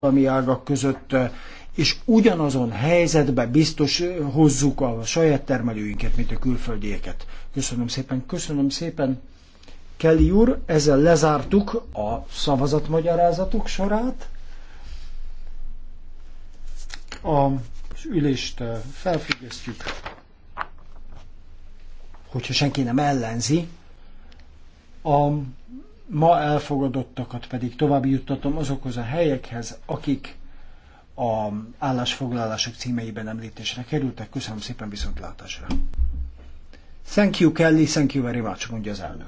állami ágak között, eh, és ugyanazon helyzetbe biztos eh, hozzuk a saját termelőinket, mint a külföldieket. Köszönöm szépen, köszönöm szépen. Kelly úr, ezzel lezártuk a szavazatmagyarázatok sorát. A ülést eh, felfüggesztjük, hogyha senki nem ellenzi. A ma elfogadottakat pedig további juttatom azokhoz a helyekhez, akik a állásfoglalások címeiben említésre kerültek. Köszönöm szépen viszontlátásra. Thank you, Kelly, thank you very much, mondja az elnök.